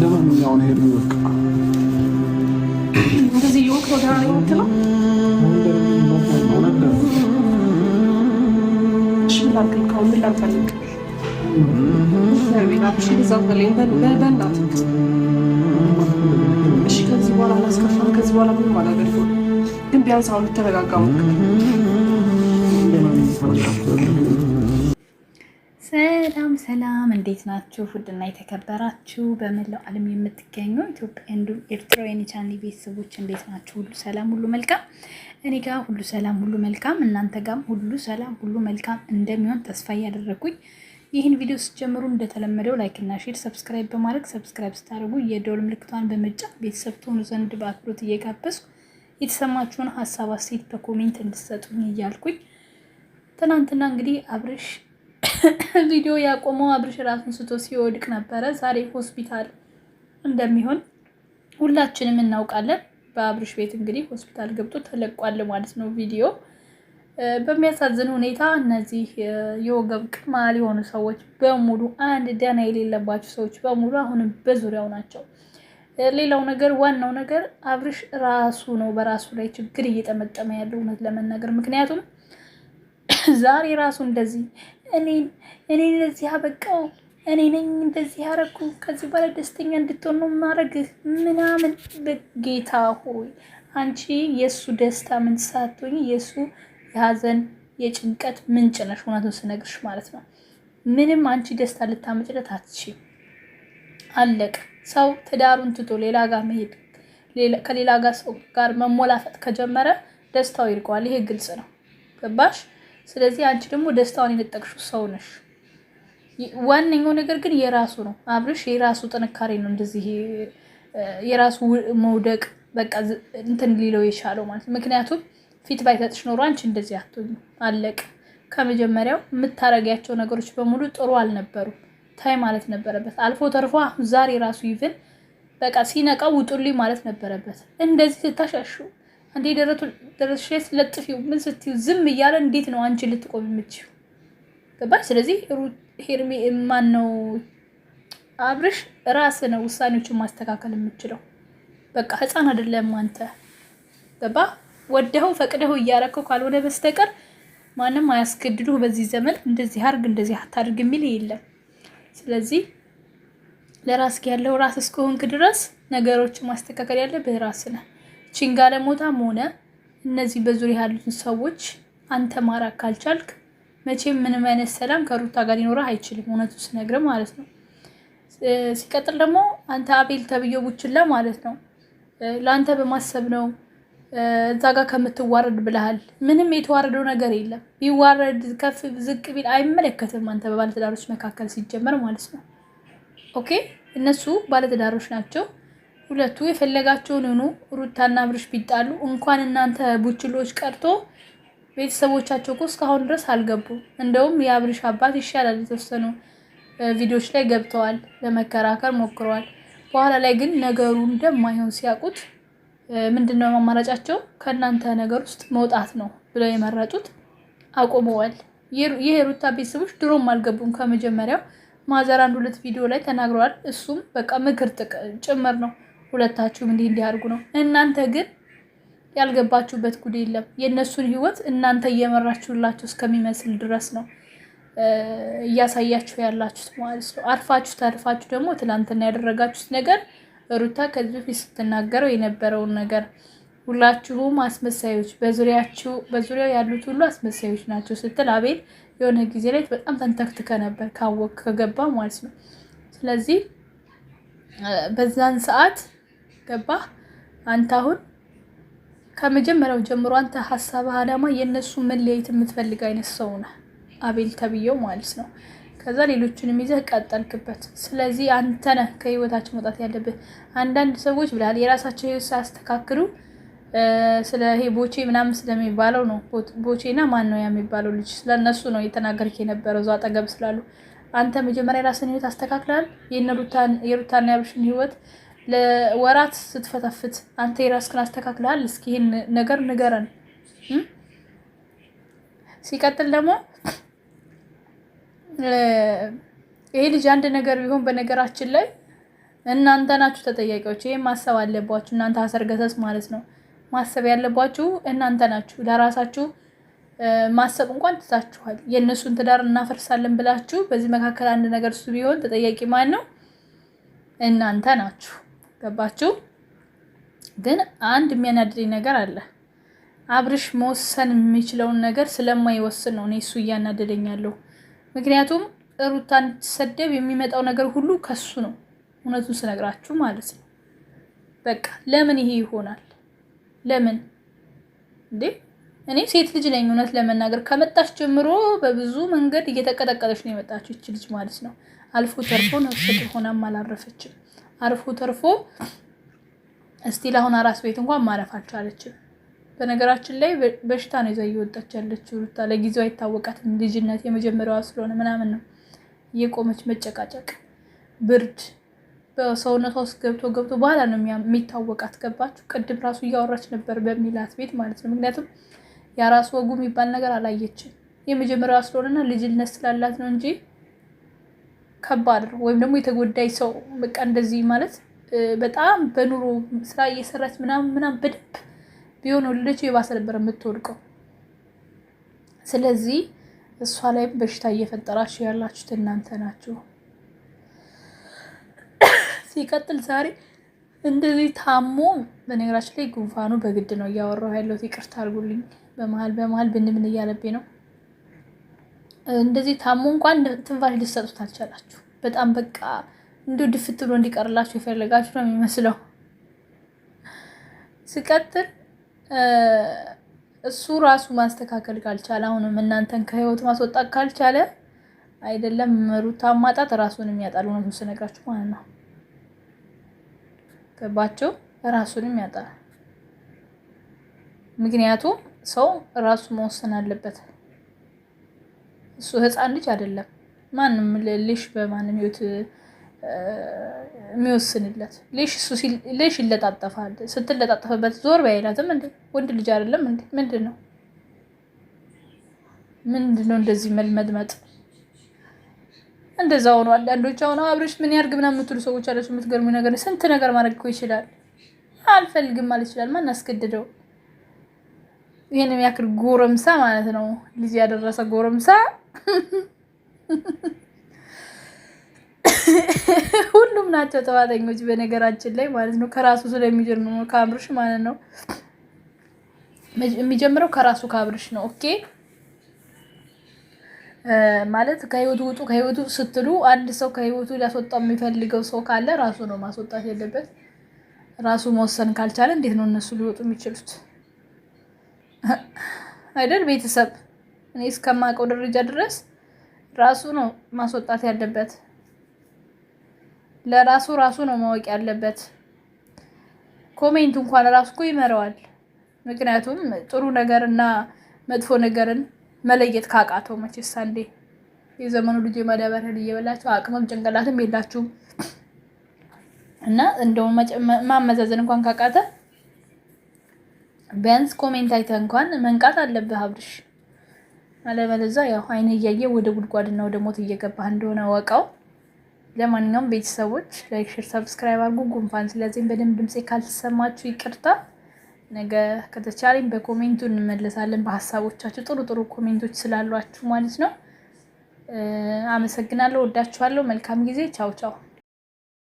ለማንኛውን ሄድ ይወቅ እንደዚህ ይወቅ ወደ ምትለው ሽምላግልከው ግን ቢያንስ አሁን ልትረጋጋ ሰላም እንዴት ናችሁ? ውድና የተከበራችሁ በመላው ዓለም የምትገኙ ኢትዮጵያ እንዲሁም ኤርትራውያን የቻናሌ ቤተሰቦች እንዴት ናችሁ? ሁሉ ሰላም፣ ሁሉ መልካም። እኔ ጋር ሁሉ ሰላም፣ ሁሉ መልካም። እናንተ ጋርም ሁሉ ሰላም፣ ሁሉ መልካም እንደሚሆን ተስፋ እያደረግኩኝ ይህን ቪዲዮ ስጀምሩ እንደተለመደው ላይክና ሼር፣ ሰብስክራይብ በማድረግ ሰብስክራይብ ስታደርጉ የደወል ምልክቷን በመጫን ቤተሰብ ትሆኑ ዘንድ በአክብሮት እየጋበዝኩ የተሰማችሁን ሀሳብ አስተያየት በኮሜንት እንድትሰጡኝ እያልኩኝ ትናንትና እንግዲህ አብርሽ ቪዲዮ ያቆመው አብርሽ ራሱን ስቶ ሲወድቅ ነበረ። ዛሬ ሆስፒታል እንደሚሆን ሁላችንም እናውቃለን። በአብርሽ ቤት እንግዲህ ሆስፒታል ገብቶ ተለቋል ማለት ነው ቪዲዮ። በሚያሳዝን ሁኔታ እነዚህ የወገብ ቅማል የሆኑ ሰዎች በሙሉ አንድ ደህና የሌለባቸው ሰዎች በሙሉ አሁንም በዙሪያው ናቸው። ሌላው ነገር ዋናው ነገር አብርሽ ራሱ ነው በራሱ ላይ ችግር እየጠመጠመ ያለው እውነት ለመናገር ምክንያቱም ዛሬ ራሱ እንደዚህ እኔን እኔን ለዚህ አበቃው እኔ ነኝ እንደዚህ ያረኩ ከዚህ በኋላ ደስተኛ እንድትሆን ነው ማረግህ ምናምን። ጌታ ሆይ አንቺ የእሱ ደስታ ምንጭ ሳትሆኝ የእሱ የሀዘን የጭንቀት ምንጭ ነሽ። እውነቱን ስነግርሽ ማለት ነው። ምንም አንቺ ደስታ ልታመጭለት አትችይም። አለቀ። ሰው ትዳሩን ትቶ ሌላ ጋር መሄድ ከሌላ ጋር ሰው ጋር መሞላፈጥ ከጀመረ ደስታው ይርቀዋል። ይሄ ግልጽ ነው። ገባሽ? ስለዚህ አንቺ ደግሞ ደስታውን የነጠቅሽው ሰው ነሽ። ዋነኛው ነገር ግን የራሱ ነው። አብርሽ የራሱ ጥንካሬ ነው እንደዚህ የራሱ መውደቅ በቃ እንትን ሊለው የቻለው ማለት ነው። ምክንያቱም ፊት ባይሰጥሽ ኖሮ አንቺ እንደዚህ አትሆኝ አለቅ። ከመጀመሪያው የምታረጊያቸው ነገሮች በሙሉ ጥሩ አልነበሩም። ታይ ማለት ነበረበት። አልፎ ተርፎ አሁን ዛሬ ራሱ ይብን በቃ ሲነቃ ውጡልኝ ማለት ነበረበት። እንደዚህ ስታሻሹ አንዴ ደረቱ ደረትሽ ላይ ምን ስትዩ ዝም እያለ እንዴት ነው አንቺ ልትቆም የምችው? ገባሽ? ስለዚህ ሄርሜ ማን ነው አብርሽ ራስ ነው ውሳኔዎችን ማስተካከል የምችለው። በቃ ህፃን አይደለም አንተ ገባ? ወደኸው ፈቅደኸው እያረከው ካልሆነ በስተቀር ማንም አያስገድዱ በዚህ ዘመን እንደዚህ አርግ እንደዚህ አታድርግ የሚል የለም። ስለዚህ ለራስ ያለው ራስ እስከሆንክ ድረስ ነገሮችን ማስተካከል ያለ ራስህ ነ። ችንጋለሞታም ሆነ እነዚህ በዙሪያ ያሉትን ሰዎች አንተ ማራ ካልቻልክ መቼም ምንም አይነት ሰላም ከሩታ ጋር ሊኖረህ አይችልም። እውነቱ ስነግርህ ማለት ነው። ሲቀጥል ደግሞ አንተ አቤል ተብዬው ቡችላ ማለት ነው ለአንተ በማሰብ ነው እዛ ጋር ከምትዋረድ ብለሃል። ምንም የተዋረደው ነገር የለም። ቢዋረድ ከፍ ዝቅ ቢል አይመለከትም። አንተ በባለትዳሮች መካከል ሲጀመር ማለት ነው ኦኬ፣ እነሱ ባለትዳሮች ናቸው። ሁለቱ የፈለጋቸውን ሆኑ። ሩታና አብርሽ ቢጣሉ እንኳን እናንተ ቡችሎች ቀርቶ ቤተሰቦቻቸው እኮ እስካሁን ድረስ አልገቡም። እንደውም የአብርሽ አባት ይሻላል የተወሰኑ ቪዲዮዎች ላይ ገብተዋል፣ ለመከራከር ሞክረዋል። በኋላ ላይ ግን ነገሩ እንደማይሆን ሲያውቁት ምንድን ነው አማራጫቸው ከእናንተ ነገር ውስጥ መውጣት ነው ብለው የመረጡት አቁመዋል። ይህ የሩታ ቤተሰቦች ድሮም አልገቡም። ከመጀመሪያው ማዘር አንድ ሁለት ቪዲዮ ላይ ተናግረዋል። እሱም በቃ ምክር ጭምር ነው። ሁለታችሁም እንዲህ እንዲያርጉ ነው። እናንተ ግን ያልገባችሁበት ጉድ የለም። የእነሱን ህይወት እናንተ እየመራችሁላችሁ እስከሚመስል ድረስ ነው እያሳያችሁ ያላችሁት ማለት ነው። አርፋችሁ ተርፋችሁ ደግሞ ትላንትና ያደረጋችሁት ነገር ሩታ ከዚህ በፊት ስትናገረው የነበረውን ነገር ሁላችሁም አስመሳዮች በዙሪያችሁ በዙሪያው ያሉት ሁሉ አስመሳዮች ናቸው ስትል አቤል የሆነ ጊዜ ላይ በጣም ተንተክትከ ነበር ካወቅ ከገባ ማለት ነው። ስለዚህ በዛን ሰዓት ገባ አንተ አሁን ከመጀመሪያው ጀምሮ አንተ ሀሳብ አላማ የእነሱ መለያየት የምትፈልግ አይነት ሰው ነህ፣ አቤል ተብዬው ማለት ነው። ከዛ ሌሎችንም ይዘህ ቀጠልክበት። ስለዚህ አንተ ነህ ከህይወታችን መውጣት ያለብህ። አንዳንድ ሰዎች ብለሃል የራሳቸው ህይወት ሳያስተካክሉ ስለ ይሄ ቦቼ ምናምን ስለሚባለው ነው። ቦቼና ማን ነው ያ የሚባለው ልጅ? ስለነሱ ነው የተናገርክ የነበረው እዛ አጠገብ ስላሉ። አንተ መጀመሪያ የራስን ህይወት አስተካክላል። የሩታና የአብርሽን ህይወት ለወራት ስትፈተፍት አንተ የራስክን አስተካክለሃል? እስኪ ይህን ነገር ንገረን። ሲቀጥል ደግሞ ይሄ ልጅ አንድ ነገር ቢሆን በነገራችን ላይ እናንተ ናችሁ ተጠያቂዎች። ይህ ማሰብ አለባችሁ እናንተ አሰርገሰስ ማለት ነው። ማሰብ ያለባችሁ እናንተ ናችሁ። ለራሳችሁ ማሰብ እንኳን ትታችኋል። የእነሱን ትዳር እናፈርሳለን ብላችሁ በዚህ መካከል አንድ ነገር እሱ ቢሆን ተጠያቂ ማን ነው? እናንተ ናችሁ። ገባችሁ? ግን አንድ የሚያናድደኝ ነገር አለ። አብርሽ መወሰን የሚችለውን ነገር ስለማይወስን ነው እኔ እሱ እያናደደኝ ያለው። ምክንያቱም ሩታን እንድትሰደብ የሚመጣው ነገር ሁሉ ከሱ ነው፣ እውነቱን ስነግራችሁ ማለት ነው። በቃ ለምን ይሄ ይሆናል? ለምን እንዴ? እኔ ሴት ልጅ ነኝ። እውነት ለመናገር ከመጣች ጀምሮ በብዙ መንገድ እየተቀጠቀጠች ነው የመጣችው ይች ልጅ ማለት ነው። አልፎ ተርፎ ነፍሰ ጡር ሆናም አላረፈችም። አርፎ ተርፎ እስቲል አሁን አራስ ቤት እንኳን ማረፍ አልቻለችም። በነገራችን ላይ በሽታ ነው ይዛ እየወጣች ያለችው ሩታ። ለጊዜው አይታወቃትም፣ ልጅነት የመጀመሪያዋ ስለሆነ ምናምን ነው እየቆመች መጨቃጨቅ፣ ብርድ በሰውነቷ ውስጥ ገብቶ ገብቶ በኋላ ነው የሚታወቃት። ገባችሁ? ቅድም ራሱ እያወራች ነበር በሚላት ቤት ማለት ነው። ምክንያቱም የአራስ ወጉ የሚባል ነገር አላየችም። የመጀመሪያዋ ስለሆነና ልጅነት ስላላት ነው እንጂ ከባድ ወይም ደግሞ የተጎዳይ ሰው በቃ እንደዚህ ማለት በጣም በኑሮ ስራ እየሰራች ምናምን ምናምን በደንብ ቢሆን ወለደችው የባሰ ነበር የምትወድቀው። ስለዚህ እሷ ላይም በሽታ እየፈጠራችሁ ያላችሁት እናንተ ናችሁ። ሲቀጥል ዛሬ እንደዚህ ታሞ በነገራችን ላይ ጉንፋኑ በግድ ነው እያወራሁ ያለሁት፣ ይቅርታ አድርጉልኝ። በመሀል በመሀል ብንምን እያለቤ ነው እንደዚህ ታሞ እንኳን ትንፋሽ ልትሰጡት አልቻላችሁ። በጣም በቃ እንዲ ድፍት ብሎ እንዲቀርላችሁ የፈለጋችሁ ነው የሚመስለው። ስቀጥል እሱ ራሱ ማስተካከል ካልቻለ አሁንም እናንተን ከህይወት ማስወጣት ካልቻለ አይደለም ሩታ ማጣት ራሱን የሚያጣል። እውነቱን ስነግራችሁ ማለት ነው። ገባችሁ? ራሱንም ያጣል። ምክንያቱም ሰው ራሱ መወሰን አለበት። እሱ ህፃን ልጅ አይደለም። ማንም ልሽ በማንም ህይወት የሚወስንለት ልሽ ይለጣጠፋል። ስትለጣጠፍበት ዞር በይላትም እንዴ ወንድ ልጅ አይደለም። ምንድን ነው ምንድን ነው እንደዚህ መልመድመጥ እንደዛ ሆኖ አንዳንዶች አሁን አብረሽ ምን ያርግ ምናምን የምትሉ ሰዎች አላቸው የምትገርሙ ነገር ስንት ነገር ማድረግ እኮ ይችላል። አልፈልግም ማለት ይችላል። ማን አስገድደው? ይህን የሚያክል ጎረምሳ ማለት ነው ልጅ ያደረሰ ጎረምሳ ሁሉም ናቸው ተዋተኞች በነገራችን ላይ ማለት ነው። ከራሱ ስለሚጀምር ነው ከአብርሽ ማለት ነው የሚጀምረው ከራሱ ከአብርሽ ነው። ኦኬ ማለት ከህይወቱ ውጡ፣ ከህይወቱ ስትሉ አንድ ሰው ከህይወቱ ሊያስወጣው የሚፈልገው ሰው ካለ ራሱ ነው ማስወጣት ያለበት። ራሱ መወሰን ካልቻለ እንዴት ነው እነሱ ሊወጡ የሚችሉት? አይደል ቤተሰብ እኔ እስከማውቀው ደረጃ ድረስ ራሱ ነው ማስወጣት ያለበት። ለራሱ ራሱ ነው ማወቅ ያለበት። ኮሜንት እንኳን ራሱ እኮ ይመረዋል። ምክንያቱም ጥሩ ነገር እና መጥፎ ነገርን መለየት ካቃተው መቼ ሳንዴ የዘመኑ ልጅ ልጅ እየበላችሁ አቅምም ጭንቅላትም የላችሁም እና እንደው ማመዛዘን እንኳን ካቃተ ቢያንስ ኮሜንት አይተ እንኳን መንቃት አለብህ አብርሽ። አለበለዚያ ያው አይን እያየ ወደ ጉድጓድና ወደ ሞት እየገባህ እንደሆነ ወቀው። ለማንኛውም ቤተሰቦች ላይክ፣ ሼር፣ ሰብስክራይብ አድርጉ። ጉንፋን ስለዚህም በደንብ ድምፄ ካልተሰማችሁ ይቅርታ። ነገ ከተቻለኝ በኮሜንቱ እንመለሳለን። በሀሳቦቻችሁ ጥሩ ጥሩ ኮሜንቶች ስላሏችሁ ማለት ነው። አመሰግናለሁ። ወዳችኋለሁ። መልካም ጊዜ። ቻው ቻው።